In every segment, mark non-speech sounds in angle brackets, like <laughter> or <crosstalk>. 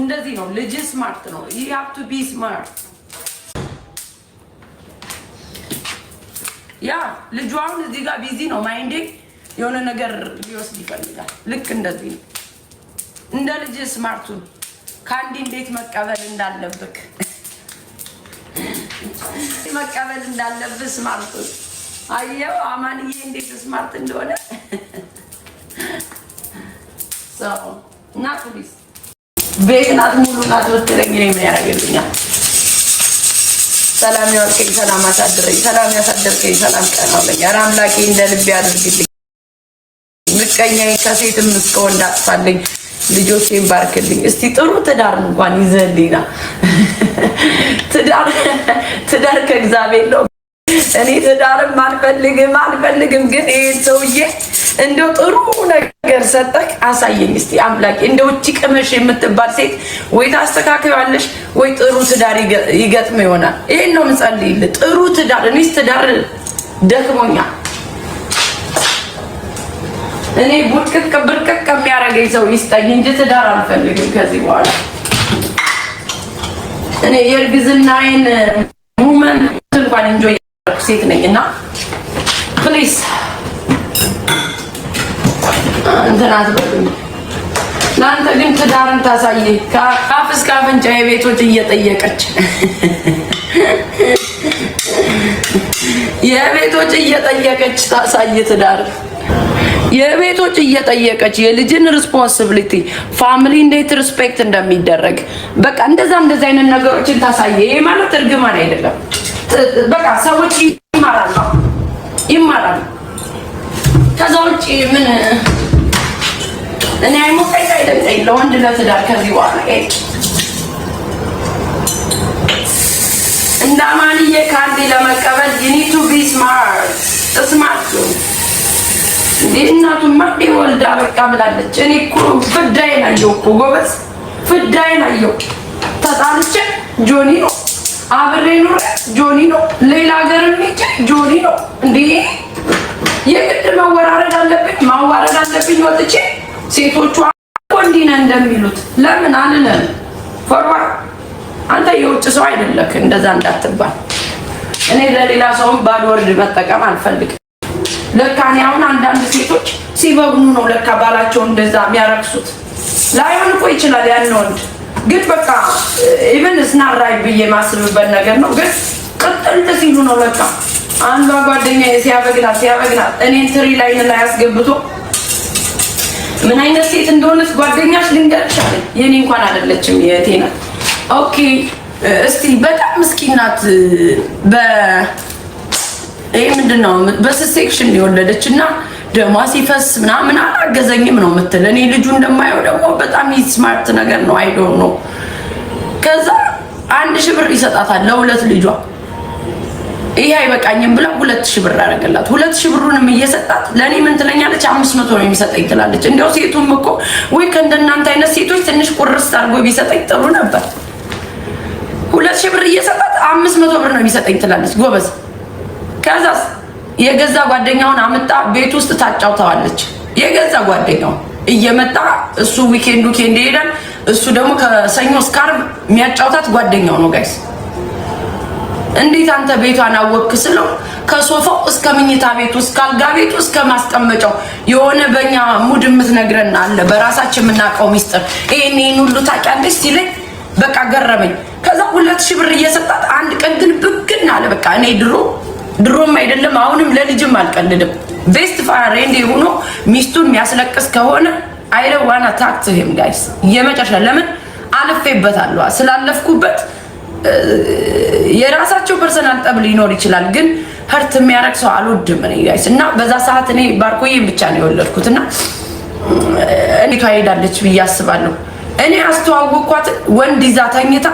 እንደዚህ ነው። ልጅ ስማርት ነው። ዩ ሃቭ ቱ ቢ ስማርት። ያ ልጁ አሁን እዚህ ጋር ቢዚ ነው። ማይንዴ የሆነ ነገር ሊወስድ ይፈልጋል። ልክ እንደዚህ ነው። እንደ ልጅ ስማርቱን ከአንዲ እንዴት መቀበል እንዳለብክ መቀበል እንዳለብህ ስማርቱን አየው። አማንዬ እንዴት ስማርት እንደሆነ <laughs> እና ቤትናት ናት ሙሉ ናት ብትለኝ ነው ምን ሰላም ያወቅኝ፣ ሰላም አሳድረኝ፣ ሰላም ያሳደርከኝ፣ ሰላም ቀናለኝ። ኧረ አምላኬ እንደ ልቤ አድርግልኝ፣ ምቀኛዬ ከሴትም እስከ ወንድ አጥፋልኝ፣ ልጆቼን ባርክልኝ። እስቲ ጥሩ ትዳር እንኳን ይዘልኝና ትዳር ትዳር ከእግዚአብሔር ነው። እኔ ትዳርም አልፈልግም አልፈልግም፣ ግን ይሄን ሰውዬ እንደው ጥሩ ነገር ሰጠክ አሳየኝ እስቲ አምላክ። እንደው እቺ ቅመሽ የምትባል ሴት ወይ ታስተካክያለሽ ወይ ጥሩ ትዳር ይገጥም ይሆናል። ይሄን ነው የምጸልይልህ። ጥሩ ትዳር። እኔስ ትዳር ደክሞኛል። እኔ ቡድቅቅ ብርቅቅ ከሚያደርገኝ ሰው ይስጠኝ እንጂ ትዳር አልፈልግም ከዚህ በኋላ። እኔ የእርግዝናዬን ሙመንት እንኳን እንጆ ሴት ነኝ እና እንትናት ለአንተ ግን ትዳርን ታሳይ ከአፍ እስከ አፍንጫ የቤቶች እየጠየቀች የቤቶች እየጠየቀች ታሳይ ትዳር የቤቶች እየጠየቀች የልጅን ሪስፖንሲቢሊቲ ፋሚሊ እንዴት ሪስፔክት እንደሚደረግ በቃ እንደዛ እንደዚ አይነት ነገሮችን ታሳየ። ይሄ ማለት እርግማን አይደለም። በቃ ሰዎች ይማራሉ ይማራሉ። ከዛ ውጭ ምን እኔ አይሞቀኝ አይደምጠኝ ለወንድ ለትዳር ከዚህ በኋላ እንደ አማንዬ ካንዲ ለመቀበል ዩ ኒድ ዩኒቱ ቢስማርት ስማርት እንዴ እናቱማ እንዴ ወልዳ በቃ ብላለች። እኔ እኮ ፍዳዬን አየሁ እኮ ጎበዝ፣ ፍዳዬን አየሁ። ተጣልቼ ጆኒ ነው አብሬ ኑሬ ጆኒ ነው ሌላ ሀገር ሄጄ ጆኒ ነው እንዴ የግድ መወራረድ አለብኝ ማዋረድ አለብኝ ወጥቼ ሴቶቹ እንዲህ እንደሚሉት ለምን አልነን ፈርዋ አንተ የውጭ ሰው አይደለክ፣ እንደዛ እንዳትባል። እኔ ለሌላ ሰውም ባድ ወርድ መጠቀም አልፈልግም። ለካ እኔ አሁን አንዳንድ ሴቶች ሲበግኑ ነው ለካ ባላቸው እንደዛ የሚያረክሱት። ላይሆን እኮ ይችላል ያን ወንድ ግን በቃ ኢቨን እስናራይ ብዬ ማስብበት ነገር ነው። ግን ቅጥል ሲሉ ነው ለካ አንዷ ጓደኛ ሲያበግናት ሲያበግናት እኔን ትሪ ላይን ላይ አስገብቶ ምን አይነት ሴት እንደሆነች ጓደኛሽ ልንገርሽ አለኝ። የእኔ እንኳን አይደለችም የእቴ ናት። ኦኬ እስቲ በጣም ምስኪን ናት። ይህ ምንድን ነው በስሴክሽን የወለደች እና ደሟ ሲፈስ ምናምን አላገዘኝም ነው የምትል። እኔ ልጁ እንደማየው ደግሞ በጣም ስማርት ነገር ነው አይደው ነው። ከዛ አንድ ሺህ ብር ይሰጣታል ለሁለት ልጇ ይሄ አይበቃኝም ብላ ሁለት ሺህ ብር አደረገላት። ሁለት ሺህ ብሩንም እየሰጣት ለእኔ ምን ትለኛለች? አምስት መቶ ነው የሚሰጠኝ ትላለች። እንዲያው ሴቱም እኮ ወይ ከእንደናንተ አይነት ሴቶች ትንሽ ቁርስ አድርጎ ቢሰጠኝ ጥሩ ነበር። ሁለት ሺህ ብር እየሰጣት አምስት መቶ ብር ነው የሚሰጠኝ ትላለች። ጎበዝ። ከዛስ የገዛ ጓደኛውን አምጣ ቤት ውስጥ ታጫውተዋለች። የገዛ ጓደኛውን እየመጣ እሱ ዊኬንድ ዊኬንድ ይሄዳል። እሱ ደግሞ ከሰኞ እስከ ዓርብ የሚያጫውታት ጓደኛው ነው ጋይስ እንዴት አንተ ቤቷን አወቅክ ስለው ከሶፋው እስከ ምኝታ ቤቱ እስከ አልጋ ቤቱ እስከ ማስቀመጫው የሆነ በእኛ ሙድ የምትነግረን አለ፣ በራሳችን የምናውቀው ሚስጥር። ይሄን ይሄን ሁሉ ታውቂያለሽ ሲለኝ በቃ ገረመኝ። ከዛ ሁለት ሺህ ብር እየሰጣት አንድ ቀን ግን ብግን አለ። በቃ እኔ ድሮ ድሮም አይደለም አሁንም ለልጅም አልቀልድም። ቤስት ፍሬንድ ሆኖ ሚስቱን የሚያስለቅስ ከሆነ አይለ ዋና ታክት ጋይስ የመጨረሻ ለምን አልፌበታለሁ ስላለፍኩበት የራሳቸው ፐርሰናል ጠብ ሊኖር ይችላል፣ ግን ሀርት የሚያደርግ ሰው አልወድም እኔ ጋይስ። እና በዛ ሰዓት እኔ ባርኮዬ ብቻ ነው የወለድኩት እና እኔ ሄዳለች ብዬ አስባለሁ። እኔ አስተዋወቅኳት ወንድ ይዛ ተኝታ፣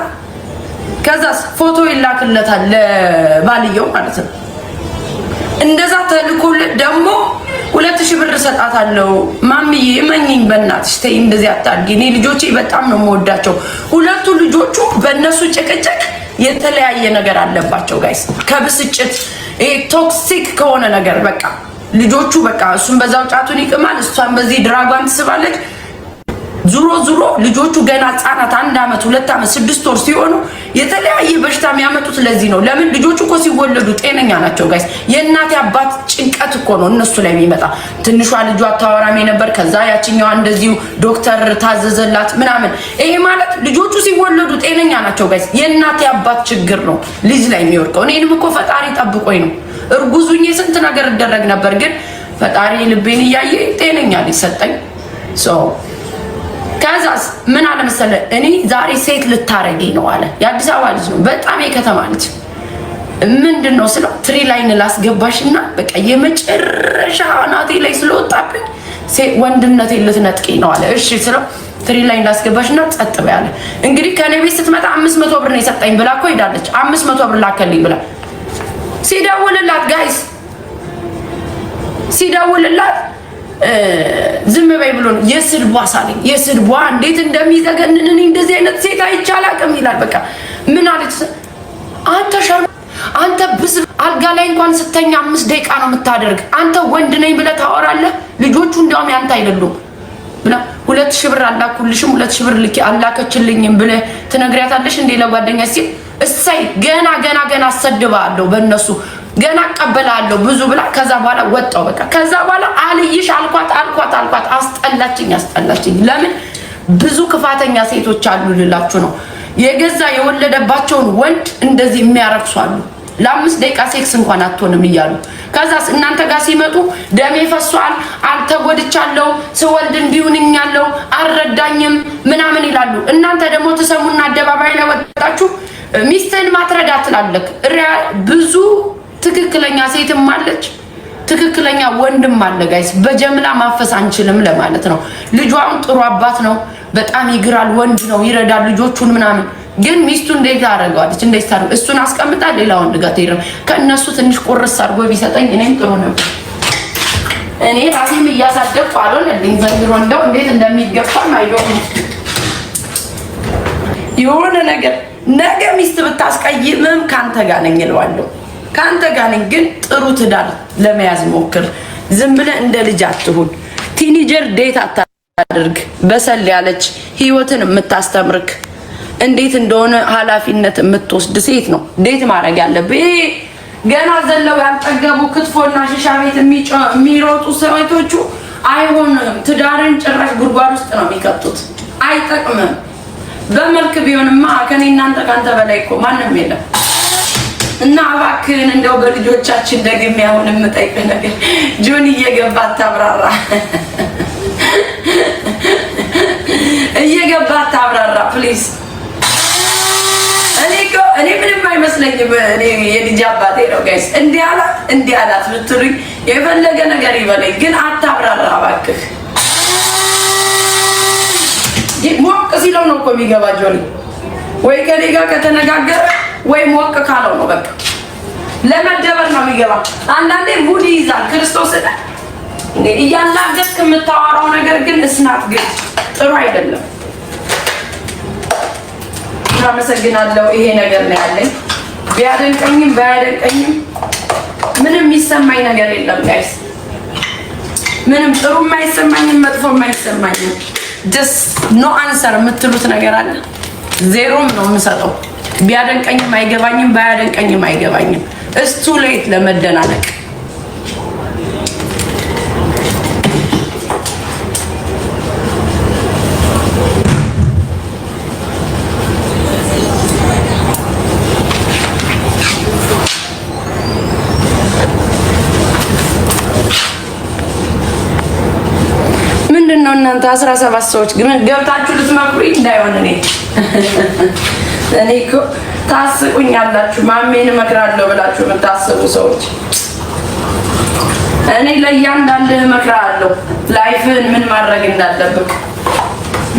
ከዛስ ፎቶ ይላክለታል ለባልየው ማለት ነው። እንደዛ ተልኮለት ደግሞ ሁለት ሺህ ብር እሰጣታለሁ። ማምዬ እመኝኝ፣ በእናትሽ ተይ እንደዚህ አታድጊ። እኔ ልጆቼ በጣም ነው የምወዳቸው። ሁለቱ ልጆቹ በእነሱ ጭቅጭቅ የተለያየ ነገር አለባቸው ጋይስ፣ ከብስጭት ቶክሲክ ከሆነ ነገር በቃ ልጆቹ በቃ እሱን በዛው ጫቱን ይቅማል፣ እሷን በዚህ ድራጓን ትስባለች። ዙሮ ዙሮ ልጆቹ ገና ህጻናት አንድ አመት ሁለት አመት ስድስት ወር ሲሆኑ የተለያየ በሽታ የሚያመጡት ለዚህ ነው። ለምን ልጆቹ እኮ ሲወለዱ ጤነኛ ናቸው ጋይስ። የእናት አባት ጭንቀት እኮ ነው እነሱ ላይ የሚመጣ። ትንሿ ልጇ አታወራም ነበር፣ ከዛ ያችኛዋ እንደዚሁ ዶክተር ታዘዘላት ምናምን። ይሄ ማለት ልጆቹ ሲወለዱ ጤነኛ ናቸው ጋይስ። የእናት አባት ችግር ነው ልጅ ላይ የሚወድቀው። እኔንም እኮ ፈጣሪ ጠብቆኝ ነው። እርጉዙኝ ስንት ነገር እደረግ ነበር፣ ግን ፈጣሪ ልቤን እያየ ጤነኛ ልጅ ሰጠኝ። ከዛስ ምን አለ መሰለ እኔ ዛሬ ሴት ልታረገኝ ነው አለ። የአዲስ አበባ ልጅ ነው፣ በጣም የከተማ ልጅ። ምንድን ነው ስለው ትሪ ላይን ላስገባሽ እና በቃ የመጨረሻ አናቴ ላይ ስለወጣብኝ ወንድነቴ ልትነጥቂኝ ነው አለ። እሺ ስለው ትሪ ላይን ላስገባሽ እና ጸጥ በይ እንግዲህ ከእኔ ቤት ስትመጣ አምስት መቶ ብር ነው የሰጠኝ ብላ እኮ ሄዳለች። አምስት መቶ ብር ላከልኝ ብላ ሲደውልላት ጋይስ ሲደውልላት ዝም በይ ብሎ ነው የስድቧ ሳለኝ የስድቧ እንዴት እንደሚዘገንን እኔ እንደዚህ አይነት ሴት አይቼ አላውቅም ይላል። በቃ ምን አለች አንተ ሸር አንተ ብስ አልጋ ላይ እንኳን ስተኛ አምስት ደቂቃ ነው የምታደርግ። አንተ ወንድ ነኝ ብለህ ታወራለህ። ልጆቹ እንዲያውም ያንተ አይደሉም ብላ ሁለት ሺህ ብር አላኩልሽም ሁለት ሺህ ብር ልኬ አላከችልኝም ብለህ ትነግሪያታለሽ እንዴ ለጓደኛ ሲል እሰይ ገና ገና ገና አሰድባለሁ በእነሱ ገና እቀበላለሁ ብዙ ብላ ከዛ በኋላ ወጣው። በቃ ከዛ በኋላ አልይሽ አልኳት አልኳት አልኳት አስጠላችኝ አስጠላችኝ። ለምን ብዙ ክፋተኛ ሴቶች አሉ ልላችሁ ነው። የገዛ የወለደባቸውን ወንድ እንደዚህ የሚያረክሱ አሉ። ለአምስት ደቂቃ ሴክስ እንኳን አትሆንም እያሉ ከዛ እናንተ ጋር ሲመጡ ደሜ ፈሷል፣ አልተጎድቻለሁ፣ ስወልድ እንዲሁንኛለሁ፣ አልረዳኝም ምናምን ይላሉ። እናንተ ደግሞ ትሰሙና አደባባይ ላይ ወጣችሁ ሚስትህን ማትረዳ ትላለህ ብዙ ትክክለኛ ሴትም አለች፣ ትክክለኛ ወንድም አለ። ጋይስ በጀምላ ማፈስ አንችልም ለማለት ነው። ልጇም ጥሩ አባት ነው፣ በጣም ይግራል፣ ወንድ ነው፣ ይረዳል ልጆቹን ምናምን። ግን ሚስቱ እንዴት አደረገዋለች? እንዴት ታደርገ? እሱን አስቀምጣ ሌላ ወንድ ጋር ትሄድ ከእነሱ ትንሽ ቁርስ አድርጎ ቢሰጠኝ እኔም ጥሩ ነው። እኔ ራሴም እያሳደግኩ አልሆነልኝ ዘንድሮ፣ እንደው እንዴት እንደሚገባም አይዶም የሆነ ነገር ነገ ሚስት ብታስቀይምም ከአንተ ጋር ነኝ እለዋለሁ። ከአንተ ጋር ነኝ፣ ግን ጥሩ ትዳር ለመያዝ ሞክር። ዝም ብለህ እንደ ልጅ አትሁን። ቲኒጀር ዴት አታድርግ። በሰል ያለች ህይወትን የምታስተምርክ እንዴት እንደሆነ ኃላፊነት የምትወስድ ሴት ነው ዴት ማድረግ ያለብህ። ገና ዘለው ያልጠገቡ ክትፎና ሽሻ ቤት የሚሮጡ ሰዎቹ አይሆንም። ትዳርን ጭራሽ ጉድጓድ ውስጥ ነው የሚከቱት። አይጠቅምም። በመልክ ቢሆንማ ከኔ እናንተ ከአንተ በላይ እኮ ማንም የለም። እና እባክህን እንደው በልጆቻችን ደግሜ አሁን የምጠይቅህ ነገር ጆን እየገባ አታብራራ፣ እየገባ አታብራራ ፕሊዝ። እኔ ምንም አይመስለኝም። እኔ የልጅ አባቴ ነው ጋይስ። እንዲህ አላት እንዲህ አላት ብትሉኝ የፈለገ ነገር ይበለኝ፣ ግን አታብራራ እባክህ። ሞቅ ሲለው ነው እኮ የሚገባ ጆን ወይ ከኔ ጋር ከተነጋገረ ወይ ሞቅ ካለው ነው በቃ ለመደበር ነው የሚገባ። አንዳንዴ ሙድ ይይዛል። ክርስቶስ እያላገጥክ የምታወራው ነገር ግን እስናት ግን ጥሩ አይደለም። አመሰግናለሁ። ይሄ ነገር ነው ያለኝ። ቢያደንቀኝም ባያደንቀኝም ምንም የሚሰማኝ ነገር የለም ጋይስ። ምንም ጥሩ የማይሰማኝም መጥፎ የማይሰማኝም ደስ ኖ አንሰር የምትሉት ነገር አለ። ዜሮም ነው የምሰጠው። ቢያደንቀኝም አይገባኝም፣ ባያደንቀኝም አይገባኝም። እስቱ ሌት ለመደናነቅ ምንድን ነው እናንተ አስራ ሰባት ሰዎች ግን ገብታችሁ ልትመክሩ እንዳይሆን እኔ እኔ እኮ ታስቁኛላችሁ። ማሜን እመክራለሁ ብላችሁ የምታስቡ ሰዎች እኔ ለእያንዳንድህ እመክራለሁ ላይፍህን ምን ማድረግ እንዳለብህ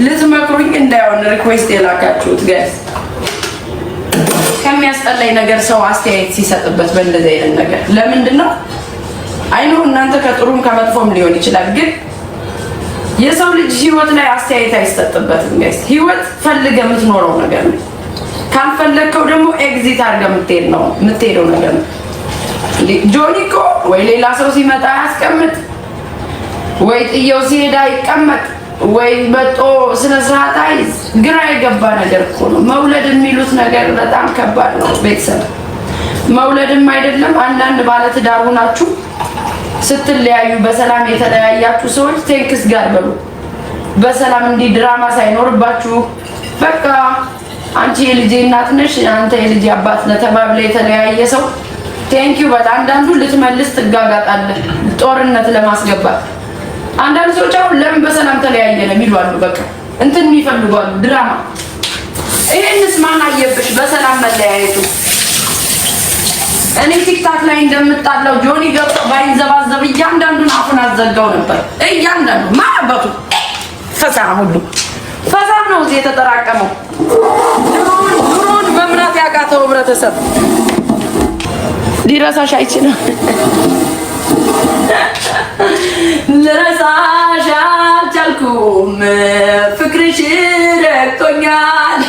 ልትመክሩኝ እንዳይሆን ሪኩዌስት የላካችሁት ጋይስ ከሚያስጠላኝ ነገር ሰው አስተያየት ሲሰጥበት በእንደዚህ አይነት ነገር ለምንድን ነው አይኖ እናንተ ከጥሩም ከመጥፎም ሊሆን ይችላል ግን የሰው ልጅ ህይወት ላይ አስተያየት አይሰጥበትም ጋይስ ህይወት ፈልገ የምትኖረው ነገር ነው ካልፈለግከው ደግሞ ኤግዚት አድርገህ የምትሄድ ነው የምትሄደው ነገር ነው። ጆኒ እኮ ወይ ሌላ ሰው ሲመጣ ያስቀምጥ ወይ ጥየው ሲሄድ አይቀመጥ፣ ወይ መጦ ስነ ስርዓት አይዝ። ግራ የገባ ነገር እኮ ነው መውለድ የሚሉት ነገር በጣም ከባድ ነው። ቤተሰብ መውለድም አይደለም አንዳንድ ባለትዳር ናችሁ ስትለያዩ በሰላም የተለያያችሁ ሰዎች ቴንክስ ጋር በሉ በሰላም እንዲህ ድራማ ሳይኖርባችሁ በቃ አንቺ የልጄ እናት ነሽ፣ አንተ የልጄ አባት ነህ ተባብለ የተለያየ ሰው ቴንኪዩ። በጣም አንዳንዱ ልትመልስ ትጋጋጣለህ፣ ጦርነት ለማስገባት አንዳንድ ሰዎች አሁን ለምን በሰላም ተለያየ የሚሉ የሚሉአሉ። በቃ እንትን የሚፈልጓሉ ድራማ። ይህንስ ማን አየብሽ? በሰላም መለያየቱ እኔ ቲክታክ ላይ እንደምጣለው ጆኒ ገብቶ ባይንዘባዘብ እያንዳንዱን አፉን አዘጋው ነበር። እያንዳንዱ ማን ፈሳ ሁሉ ፈሳም ነው እዚህ የተጠራቀመው። ኑሮን መምራት ያቃተው ህብረተሰብ ሊረሳሽ አይችልም። ልረሳሽ አልቻልኩም፣ ፍቅርሽ ረግቶኛል።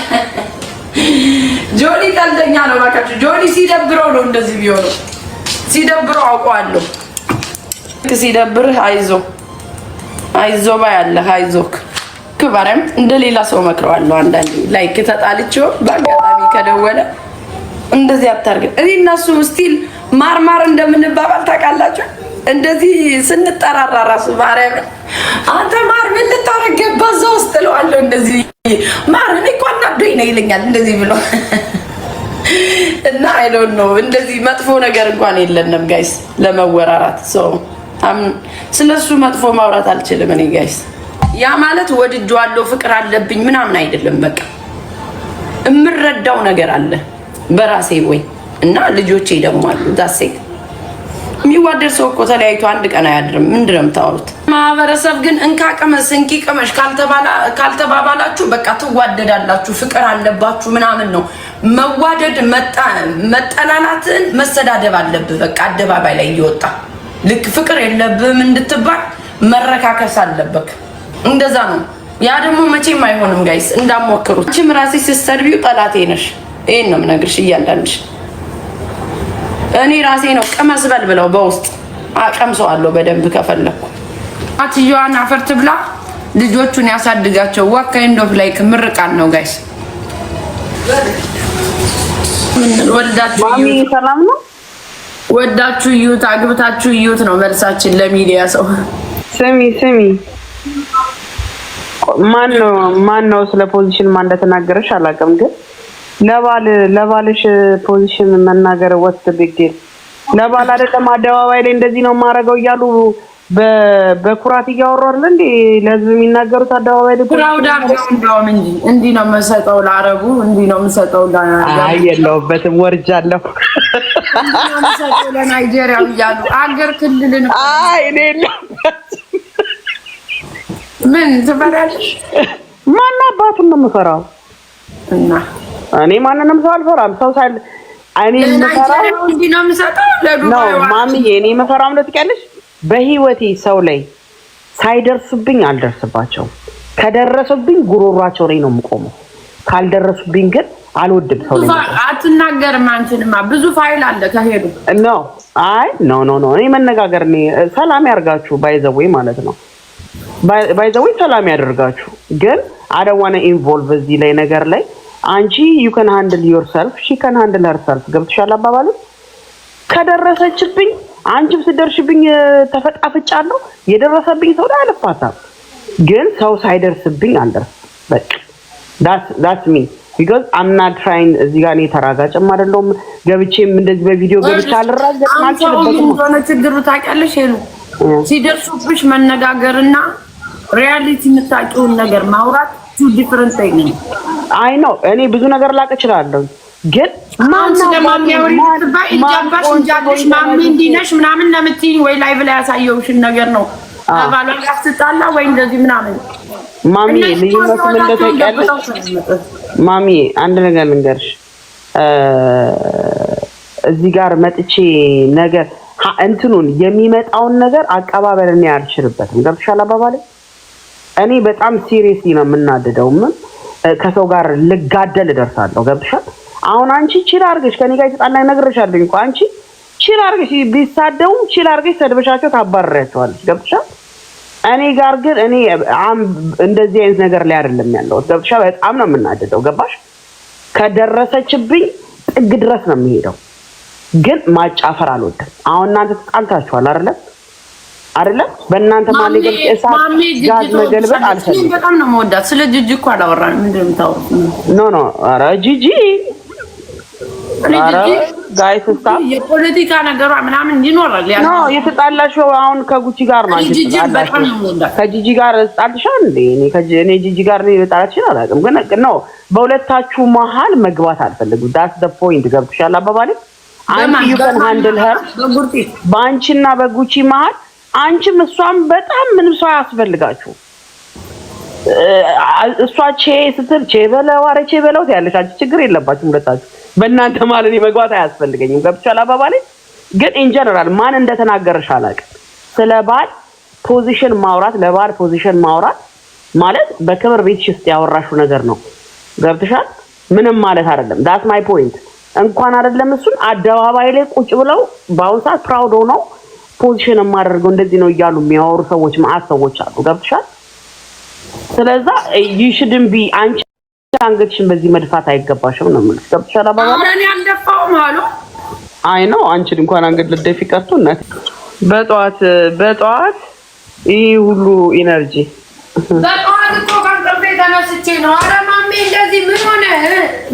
ጆኒ ቀልደኛ ነው እባካችሁ። ጆኒ ሲደብረው ነው እንደዚህ ቢሆነው፣ ሲደብረው አውቀዋለሁ። ሲደብርህ አይዞህ አይዞህ ባይ አለህ ክበረም እንደ ሌላ ሰው መክረዋለሁ። አንዳንዴ ላይክ ተጣልቼው በአጋጣሚ ከደወለ እንደዚህ አታርግ። እኔ እናሱ ስቲል ማርማር እንደምንባባል ታውቃላችሁ። እንደዚህ ስንጠራራ ራሱ ማርያም አንተ ማር ምን ልታረግ በዛ ውስጥ እለዋለሁ። እንደዚህ ማር እኔ እኮ አናዶኝ ነው ይለኛል እንደዚህ ብሎ <laughs> እና አይ ዶንት ኖ እንደዚህ መጥፎ ነገር እንኳን የለንም ጋይስ ለመወራራት ሰው ስለሱ መጥፎ ማውራት አልችልም እኔ ጋይስ ያ ማለት ወድጄዋለሁ ፍቅር አለብኝ ምናምን አይደለም። በቃ እምረዳው ነገር አለ በራሴ ወይ እና ልጆቼ ደግሞ አሉ ዳሴት የሚዋደድ ሰው እኮ ተለያይቶ አንድ ቀን አያድርም። ምንድን ነው የምታወሩት? ማህበረሰብ ግን እንካ ቅመስ እንኪ ቅመሽ ካልተባባላችሁ በቃ ትዋደዳላችሁ፣ ፍቅር አለባችሁ ምናምን ነው። መዋደድ መጠላላትን መሰዳደብ አለብህ በቃ አደባባይ ላይ እየወጣ ልክ ፍቅር የለብህም እንድትባል መረካከስ አለበት። እንደዛ ነው። ያ ደግሞ መቼም አይሆንም ጋይስ፣ እንዳሞክሩት። ችም ራሴ ስትሰርቢው ጠላቴ ነሽ። ይህን ነው የምነግርሽ። እያንዳንድሽ እኔ ራሴ ነው ቅመስ በል ብለው በውስጥ አቀምሰዋለሁ በደንብ ከፈለኩ። አትየዋን አፈር ትብላ። ልጆቹን ያሳድጋቸው። ዋካይንዶፍ ላይ ምርቃን ነው ጋይስ። ነው ወዳችሁ እዩት፣ አግብታችሁ እዩት ነው መልሳችን ለሚዲያ ሰው። ስሚ ስሚ ማን ነው ስለ ፖዚሽን ማን እንደተናገረሽ አላውቅም፣ ግን ለባል ለባልሽ ፖዚሽን መናገር ወስ ቢግል ለባል አይደለም አደባባይ ላይ እንደዚህ ነው ማረገው እያሉ በኩራት እያወሩ አይደል እንዴ ለህዝብ የሚናገሩት አደባባይ ላይ ፕራውድ አድርገው እንደውም እንጂ እንዲህ ነው የምሰጠው ላረቡ እንዲህ ነው የምሰጠው አይ የለሁበትም ወርጃለሁ እንዲህ ነው የምሰጠው ለናይጄሪያው እያሉ አገር ክልልን አይ እኔ የለሁበትም ምን ትፈራለሽ? ማን አባቱን ነው የምፈራው? እና እኔ ማንንም ሰው አልፈራም። ሰው ሳይል እኔ የምፈራው እንዲህ ነው የምሰጠው ለዱ ነው ማሚዬ። እኔ የምፈራው ነው ትቀልሽ በህይወቴ ሰው ላይ ሳይደርሱብኝ አልደርስባቸውም። ከደረሱብኝ ጉሮሯቸው ላይ ነው የምቆመው። ካልደረሱብኝ ግን አልወድም። ሰው አትናገርም። አንቺንማ ብዙ ፋይል አለ ከሄዱ ነው። አይ ኖ ኖ ኖ እኔ መነጋገር ሰላም ያርጋችሁ ባይዘወይ ማለት ነው ባይዘዌ ሰላም ያደርጋችሁ። ግን አደዋነ ኢንቮልቭ እዚህ ላይ ነገር ላይ አንቺ ዩ ከን ሃንድል ዮር ሰልፍ ሺ ከን ሃንድል ሀር ሰልፍ ገብትሻል አባባሉ ከደረሰችብኝ አንቺም ስደርሽብኝ ተፈጣፍጫለሁ። የደረሰብኝ ሰው ላይ አልፋታም፣ ግን ሰው ሳይደርስብኝ አልደርስም። በቃ ዳትስ ሚ ቢኮዝ አምና ትራይን እዚህ ጋር እኔ ተራጋጭም አይደለሁም። ገብቼም እንደዚህ በቪዲዮ ገብቼ አልራገጥም አልችልበትም። ችግሩ ታውቂያለሽ፣ ሲደርሱብሽ መነጋገርና ሪያሊቲ የምታውቂውን ነገር ማውራት ቱ ዲፍረንት ታይ ነው። አይ ነው እኔ ብዙ ነገር ላቅ እችላለሁ፣ ግን ማን ስለማሚያወሪ እጃባሽ እንጃለሽ ማሜ እንዲህ ነሽ ምናምን ለምትይኝ ወይ ላይቭ ላይ ያሳየውሽን ነገር ነው አባሏ ጋር ስትጣላ ወይ እንደዚህ ምናምን ማሚ ልዩነቱ ምን እንደታውቂያለሽ? ማሚ አንድ ነገር ልንገርሽ፣ እዚህ ጋር መጥቼ ነገር እንትኑን የሚመጣውን ነገር አቀባበል እኔ አልችልበትም። ገብቶሻል አባባሌ እኔ በጣም ሲሪየስሊ ነው የምናደደው። ምን ከሰው ጋር ልጋደል እደርሳለሁ። ገብሻል? አሁን አንቺ ችል አድርገሽ ከኔ ጋር የተጣላ ነግሬሻለሁ እኮ አንቺ ችል አድርገሽ ቢሳደቡም ችል አድርገሽ ሰድበሻቸው ታባረሪያቸዋለሽ። ገብሻል? እኔ ጋር ግን እኔ እንደዚህ አይነት ነገር ላይ አይደለም ያለሁት። ገብሻ? በጣም ነው የምናደደው። ገባሽ? ከደረሰችብኝ ጥግ ድረስ ነው የሚሄደው። ግን ማጫፈር አልወድም። አሁን እናንተ ተጣልታችኋል አይደለም አይደለም በእናንተ ማለ እሳት ጋዝ መገልበጥ አልፈልግም። በጣም ነው የምወዳት። ስለ ጂጂ እኮ አላወራንም። ምንድን ነው ኖ ኖ፣ ኧረ ጂጂ የፖለቲካ ነገሯ ምናምን ይኖራል። ያ ነው የተጣላሽው አሁን ከጉቺ ጋር ነው። ከጂጂ ጋር ጣልሻል እኔ ጂጂ ጋር ነው የጣላችን አላውቅም፣ ግን ነው በሁለታችሁ መሀል መግባት አልፈልግም። ዳስ ደ ፖይንት። ገብቶሻል አባባልሽ? አንቺ ዩ ካን ሃንድል ሄር በአንቺና በጉቺ መሀል አንቺም እሷም በጣም ምንም ሰው አያስፈልጋችሁ። እሷ ቼ ስትል ቼ በለው ኧረ ቼ በለው ያለች አንቺ ችግር የለባችሁ ሁለታችሁ። በእናንተ ማለት እኔ መግባት አያስፈልገኝም። ገብቻል አባባሌ ግን ኢንጀነራል ማን እንደተናገረሽ አላውቅም። ስለ ባል ፖዚሽን ማውራት ለባል ፖዚሽን ማውራት ማለት በክብር ቤትሽ ውስጥ ያወራሽው ነገር ነው። ገብተሻል። ምንም ማለት አይደለም። ዳስ ማይ ፖይንት። እንኳን አይደለም እሱን አደባባይ ላይ ቁጭ ብለው በአሁኑ ሰዓት ፕራውድ ሆነው ፖዚሽን የማደርገው እንደዚህ ነው እያሉ የሚያወሩ ሰዎች ማአት ሰዎች አሉ። ገብትሻል? ስለዛ ዩሽድን ቢ አንቺ አንገትሽን በዚህ መድፋት አይገባሽም ነው የምልሽ። ገብትሻል? አባባ አረኔ አንደፋውም አሉ። አይ ነው አንቺን እንኳን አንገት ልደፊ ቀርቶ እናት በጠዋት በጠዋት ይህ ሁሉ ኢነርጂ በጠዋት እኮ ከእንቅልፌ ተነስቼ ነው። አረ ማሜ እንደዚህ ምን ሆነ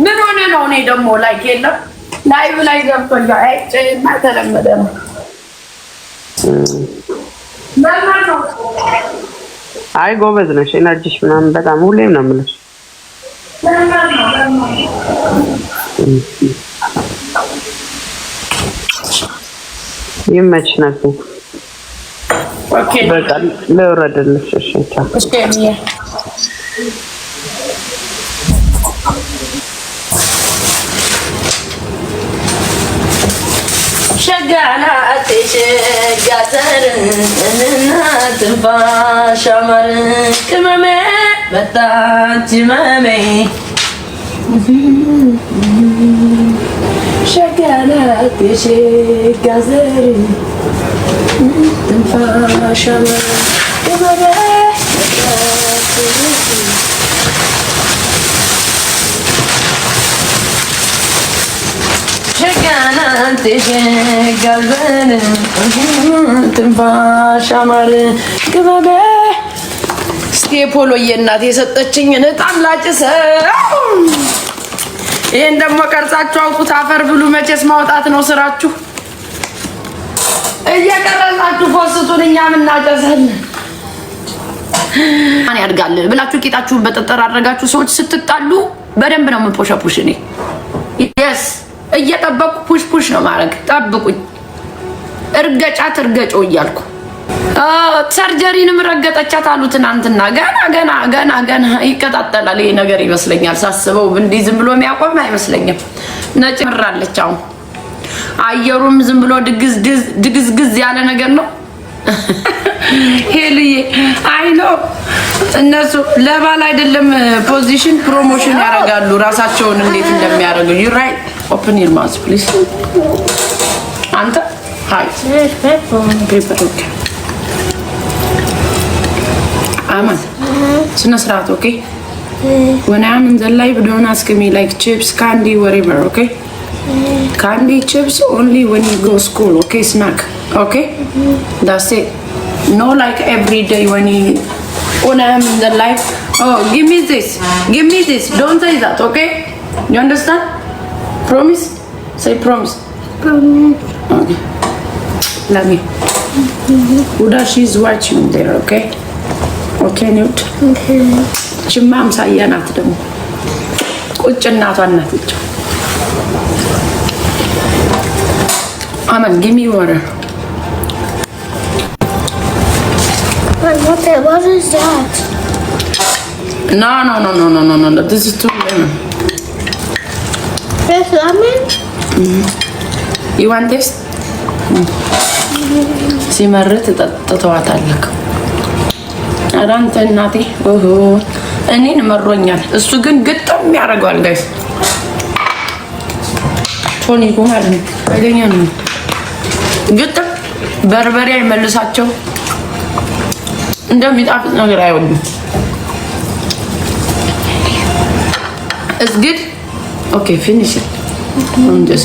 ምን ሆነ ነው። እኔ ደግሞ ላይክ የለም ላይቭ ላይ ገብቶኛል። አይጭ ተለመደ ነው አይ ጎበዝ ነሽ፣ ኤነርጂሽ ምናምን በጣም ሁሌም ነው የምልሽ። ይመችሽ ነበር። ኦኬ በቃ ልውረድልሽ። እሺ ጋናት ጋዘርን እና ትንፋሽ አማርን ቅመሜ መጣች መሜ ሸጋናት ጋዘርን ትንፋሽ አማርን እናንተ ሸጋልበን ትንፋሽ አማር ግበበ እስቲ ፖሎዬ እናት የሰጠችኝን እጣን ላጭሰው። ይህን ደግሞ ቀርጻችሁ አውጡት። አፈር ብሉ። መቼስ ማውጣት ነው ስራችሁ። እየቀረጻችሁ ፖስቱን እኛም እናጨሳለን። ማን ያድጋል ብላችሁ ቂጣችሁን በጠጠር አድርጋችሁ ሰዎች ስትጣሉ በደንብ ነው የምንፖሻፖሽ። እኔ የስ እየጠበቅኩ ፑሽ ፑሽ ነው ማድረግ። ጠብቁኝ፣ እርገጫት እርገጮ እያልኩ ሰርጀሪንም ረገጠቻት አሉ ትናንትና። ገና ገና ገና ገና ይቀጣጠላል ይሄ ነገር ይመስለኛል ሳስበው። እንዲህ ዝም ብሎ የሚያቆም አይመስለኝም። ነጭ ምራለች። አሁን አየሩም ዝም ብሎ ድግዝግዝ ያለ ነገር ነው። <laughs> ሄልዬ አይ ነው እነሱ ለባል አይደለም ፖዚሽን ፕሮሞሽን ያደርጋሉ ራሳቸውን እንዴት እንደሚያደርጉ ዩራይት Open your mouth, please. Anta, hi. Yes, pepper. Pepper, okay. Aman, ስነ ስርዓት ኦኬ። When I am in the live, don't ask me like chips, candy, whatever, okay? Candy, chips, only when you go school, okay? Snack, okay? That's it. No like every day when you when I am in the life. Oh, give me this. Give me this. Don't say that, okay? You understand? promise? Say promise. Promise. Okay. Love you. Mm-hmm. she's watching there, okay? Okay, Newt. Okay. She mom's a yan after them. Which and not on nothing. Aman, give me water. What, what is that? No, no, no, no, no, no, no, no. This is too lemon. First ramen? Mm. You want this? ሲመርት ጠጥተዋታለክ። ኧረ አንተ እናቴ እኔን መሮኛል። እሱ ግን ግጥም ያደርገዋል። ጋይስ ቶኒ ጎማል አይገኛ ነው ግጥም በርበሬ አይመልሳቸው እንደሚጣፍጥ ነገር አይወዱም። እስ ኦኬ ፊኒሽ እንዴ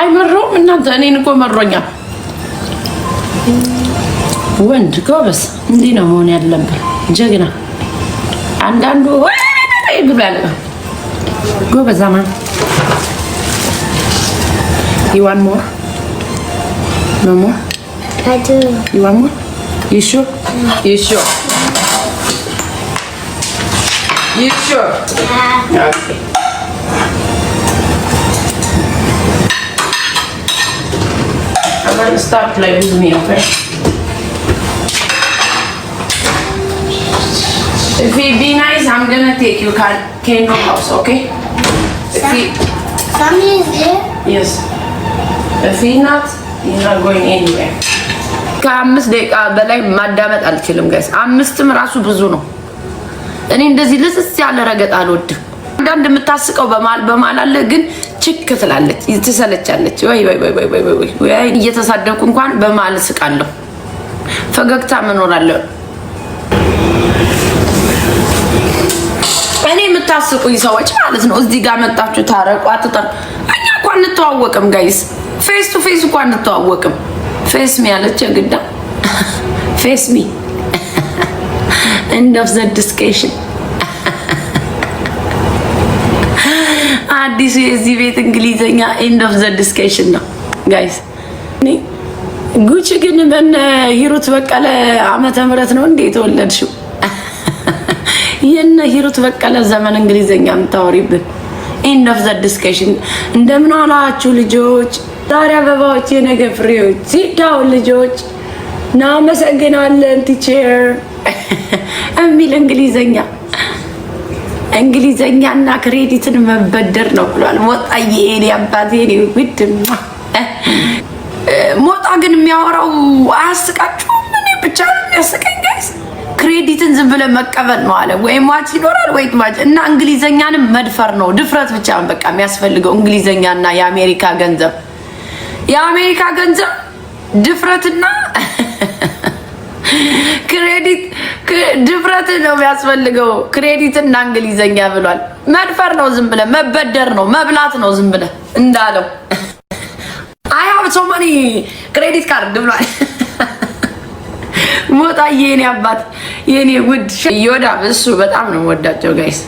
አይመረውም። እናንተ እኔን እኮ መሮኛል። ወንድ ጎበዝ እንዲህ ነው መሆን ያለብን። ጀግና አንዳንዱ ብሏል። ጎበዝ አማን ይዋን ሞር ኖ ሞር ይዋን ሞር ይሾ ይሾ You sure? Yeah. yeah. I'm gonna stop playing with me, okay? If it be nice, I'm gonna take you can can go house, okay? If he, Family is there? Yes. If he not, you're not going anywhere. ከአምስት ደቂቃ በላይ ማዳመጥ አልችልም ጋይስ። አምስትም ራሱ ብዙ ነው። እኔ እንደዚህ ልስስ ያለ ረገጥ አልወድም። አንዳንድ የምታስቀው በማል በማል አለ ግን ችክ ትላለች፣ ትሰለቻለች። ወይ ወይ ወይ ወይ ወይ ወይ ወይ እየተሳደብኩ እንኳን በማል ስቃለሁ። ፈገግታ መኖራለሁ። እኔ የምታስቁኝ ሰዎች ማለት ነው። እዚህ ጋር መጣችሁ ታረቁ፣ አትጠር እኛ እኮ አንተዋወቅም ጋይስ። ፌስ ቱ ፌስ እኮ አንተዋወቅም። ፌስ ሚ አለች ግዳ ፌስ ሚ ኤንድ ኦፍ ዘ ዲስከሽን። አዲሱ የዚህ ቤት እንግሊዘኛ ኤንድ ኦፍ ዘ ዲስከሽን ነው ጋይስ። ጉቺ ግን በነ ሂሩት በቀለ አመተ ምህረት ነው እንዴ የተወለድሽው? የነ ሂሩት በቀለ ዘመን እንግሊዘኛ የምታወሪብን ኤንድ ኦፍ ዘ ዲስከሽን። እንደምን ዋላችሁ ልጆች፣ ዛሬ አበባዎች የነገ ፍሬዎች ሲዳውን ልጆች፣ እናመሰግናለን ቲቸር የሚል <laughs> እንግሊዘኛ እንግሊዘኛ እና ክሬዲትን መበደር ነው ብሏል። ሞጣዬ ይሄን ያባት ይሄን ውድ ሞጣ ግን የሚያወራው አያስቃችሁ? እኔ ብቻ ያስቀኝ ጋይስ። ክሬዲትን ዝም ብለህ መቀበል ነው አለ። ወይ ማች ይኖራል ወይ ማች እና እንግሊዘኛንም መድፈር ነው። ድፍረት ብቻ በቃ የሚያስፈልገው እንግሊዘኛ እና የአሜሪካ ገንዘብ የአሜሪካ ገንዘብ ድፍረትና <laughs> ክሬዲት ድፍረት ነው የሚያስፈልገው። ክሬዲትና እንግሊዘኛ ብሏል። መድፈር ነው ዝም ብለህ መበደር ነው መብላት ነው ዝም ብለህ እንዳለው አይ ሀብ ሶ መኒ ክሬዲት ካርድ ብሏል። ሞጣ የኔ አባት የኔ ውድ ዮዳ እሱ በጣም ነው ወዳቸው ጋይስ